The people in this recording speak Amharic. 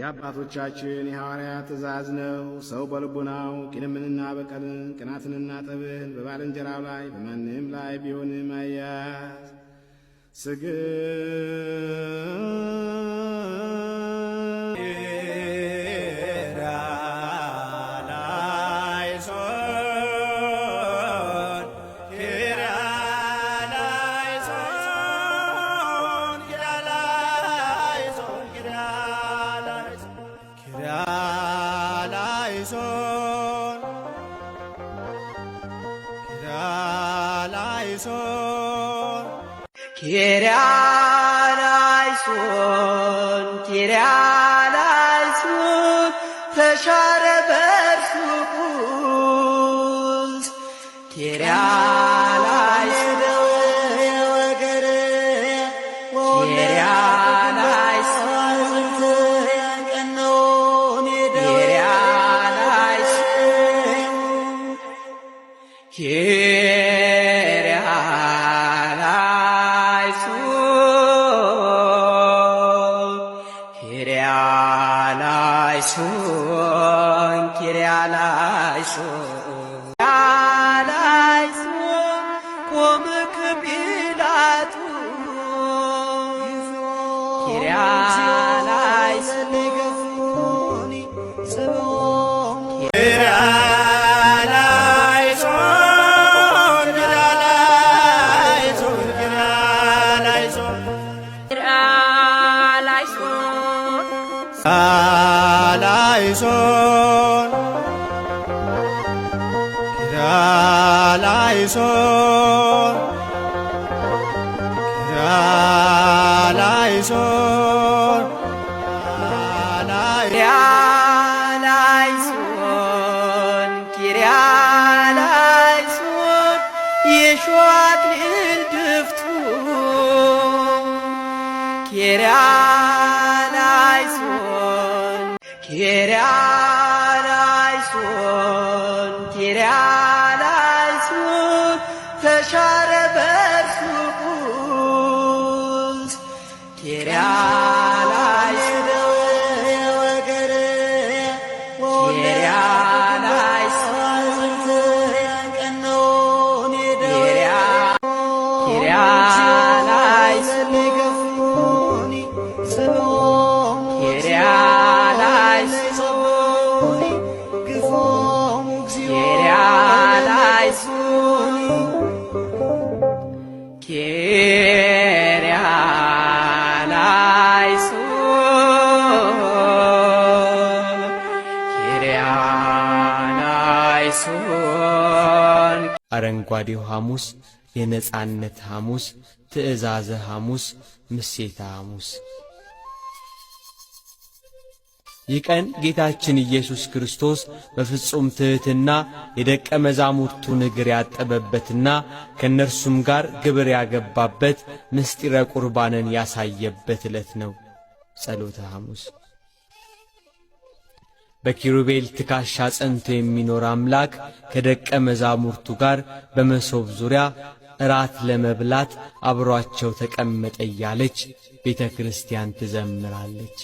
የአባቶቻችን የሐዋርያ ትእዛዝ ነው። ሰው በልቡናው ቂምንና በቀልን ቅናትንና ጠብን በባልንጀራው ላይ በማንም ላይ ቢሆንም አያዝ ስግ Ayson Kiran Ayson Kiran Ayson Teşare bersuz Kiran Ayson Kiran Ayson Kiran Ayson Kiran ላይሶን ኪሪያ ላይሶን ያላይሶን ቆምክ ጲላቱ ኪሪያ ላይሶን ኪራ ላይሶን ኪራ ላይሶን ኪራ ላይሶን ኪራ ኪርያላይሶን ኪርያላይሶን ተሻረ በእርሱ ቁስ ኪርያ ያናይሱን አረንጓዴው ሐሙስ፣ የነጻነት ሐሙስ፣ ትእዛዘ ሐሙስ፣ ምሴተ ሐሙስ። ይህ ቀን ጌታችን ኢየሱስ ክርስቶስ በፍጹም ትሕትና የደቀ መዛሙርቱን እግር ያጠበበትና ከእነርሱም ጋር ግብር ያገባበት ምስጢረ ቁርባንን ያሳየበት ዕለት ነው። ጸሎተ ሐሙስ በኪሩቤል ትካሻ ጸንቶ የሚኖር አምላክ ከደቀ መዛሙርቱ ጋር በመሶብ ዙሪያ እራት ለመብላት አብሯቸው ተቀመጠ እያለች ቤተ ክርስቲያን ትዘምራለች።